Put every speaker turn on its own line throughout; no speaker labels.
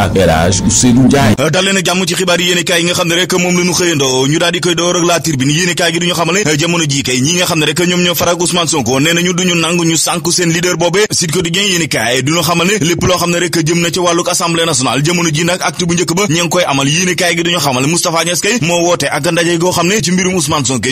ak El euh, jàmm ci xibaar yi yéenekaay du ñu xamal ne euh, jamono kay du ñu xamal jamono ji nag acte bu njëkk ba koy amal yéenekaay gi du ñu xamal ci mbirum Ousmane Sonko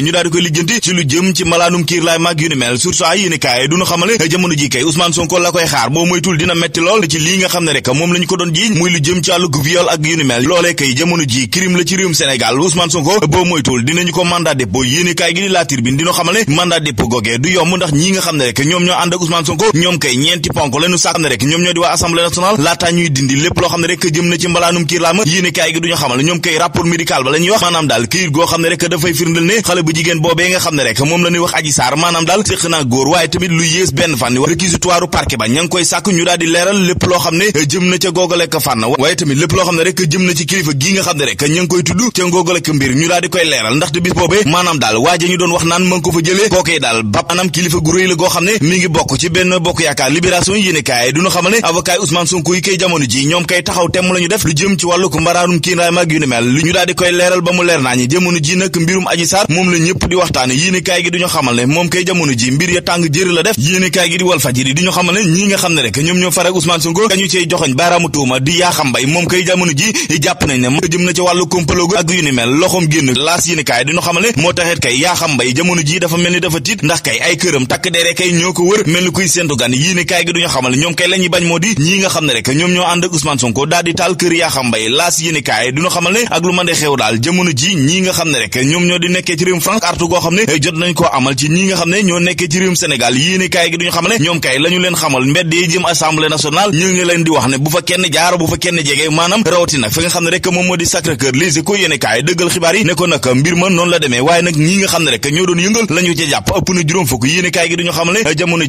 euh, jamono ji kay Ousmane Sonko la koy xaar boo moytul dina metti lool ci lii nga xam rek moom lañu ko doon jiiñ lu jëm ci àllu viol ak yu ni mel loolee kay jamono ji crime la ci réewum Sénégal Ousmane Sonko boo moytuwul dinañu ko mandat dépôt yéene gi di la Tribune dina xamal ne mandat dépôt googee du yomb ndax ñi nga xam ne rek ñoom ñoo ànd ak Ousmane Sonko ñoom kay ñeenti ponk lañu sàkk ne rek ñoom ñoo di waa Assemblée nationale laataa ñuy dindi lépp loo xam ne rek jëm na ci mbalaanum kiirlaama yéene gi duñu xamal ñoom kay rapport médical ba la ñuy waaye tamit lépp loo xam ne rek jëm na ci kilifa gi nga xam ne rek ña ngi koy tudd ca ngóogal ak mbir ñu daal di koy leeral ba mu leer naa ñi jamono ji nag mbirum Adji Sarr moom la ñëpp di waxtaane yéene kaay gi du xamal ne moom kay jamono ji mbir ya tàng jër la def yéene kaay gi di Walfadjri di ñu xamal ne ñi nga xam ne rek ñoom ñoo farak Ousmane Sonko dañu cey joxoñ baaraamu tuuma di Yakham moom kay jamono ji jàpp nañ ne moo jëm na ci wàllu kompaloogu ak yu ni mel loxoom génn laas yi ni kaay di ñu moo taxit kay Yakham Mbaye jamono ji ñii nga xam ne rek ñoom ñoo di nekkee ci réewum France artu goo xam ne jot nañ koo amal ci ñii nga xam ne ñoo nekkee ci réewum Sénégal yii ni kaay gi duñu xamale ñoom kay lañu leen xamal mbedd yi jëm Assemblée nationale ñu ngi leen di wax ne bu fa kenn jaar bu fa kenn jege maanaam rawatina fi nga xam ne rek moom moo di Sacré Cœur Les Échos yéene kaay dëggal ko nag mbir na juróom xamal ne jamono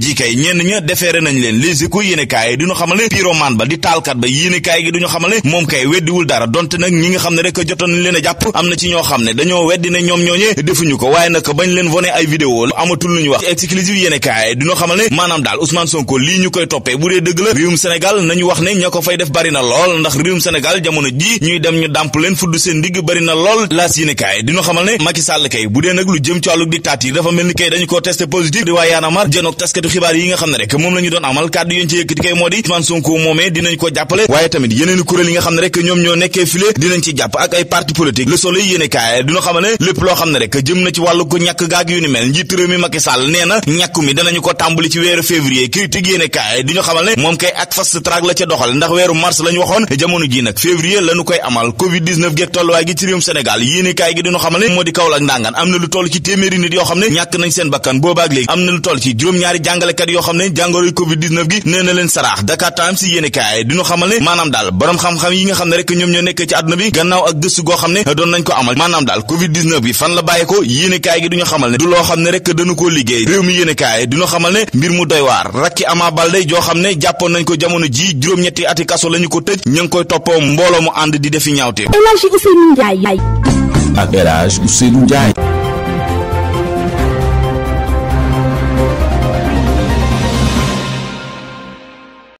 nga xam ne rek jotoon nañ leen a jàpp am na ne dañoo ko waaye nag bañ leen wone ay vidéo amatul lu ñu wax exclusive yéene kaay daal Ousmane Sonko lii ñu koy toppee bu dee dëgg la réewum Sénégal nañu wax ne ña ko fay def bari lool lool ndax réewum Sénégal jamono ji ñuy dem ñu dàmp leen fudd seen digg bari lool laas yéene kaay xamal ne Macky Sall kay bu dee nag lu jëm ci wàllu dictature dafa mel ni kay dañu koo testé positif di waa yaanamar jënoog taskatu xibaar yi nga xam ne rek moom la doon amal kàddu yéen ci yëkkati kay moo di Ousmane Sonko moomee dinañ ko jàppale waaye tamit yeneen kuréel yi nga xam ne rek ñoom ñoo nekkee file dinañ ci jàpp ak ay parti politique Le Soleil waxoon jamono ji nag février lañu koy amal covid 19 geeg tolluwaay gi ci réewum Sénégal yéenekaay gi diñu xamal ne moo di Kaolack ndàngaan am ci téeméeri nit yoo xam ne ñàkk nañ seen bakkan boobaak léegi am na lu toll ci juróom gi nee xamal ne maanaam daal borom xam-xam yi nga xam ne rek ñoom ñoo nekk ci àdduna bi gannaaw ak gëstu goo xam ne doon nañ ko amal maanaam daal covid 19 bi fan la bàyyi ko yéenekaay gi duñu xamal ne du loo xam mbir mu doy rakki Ama Baldé joo ne jàppoon nañ ko jamono ji juróom-ñetti ati kaso lañu ko tëj tëj ñu ngi koy toppoo mbooloo mu ànd di defi ñaawte. El Hadj Ousseynou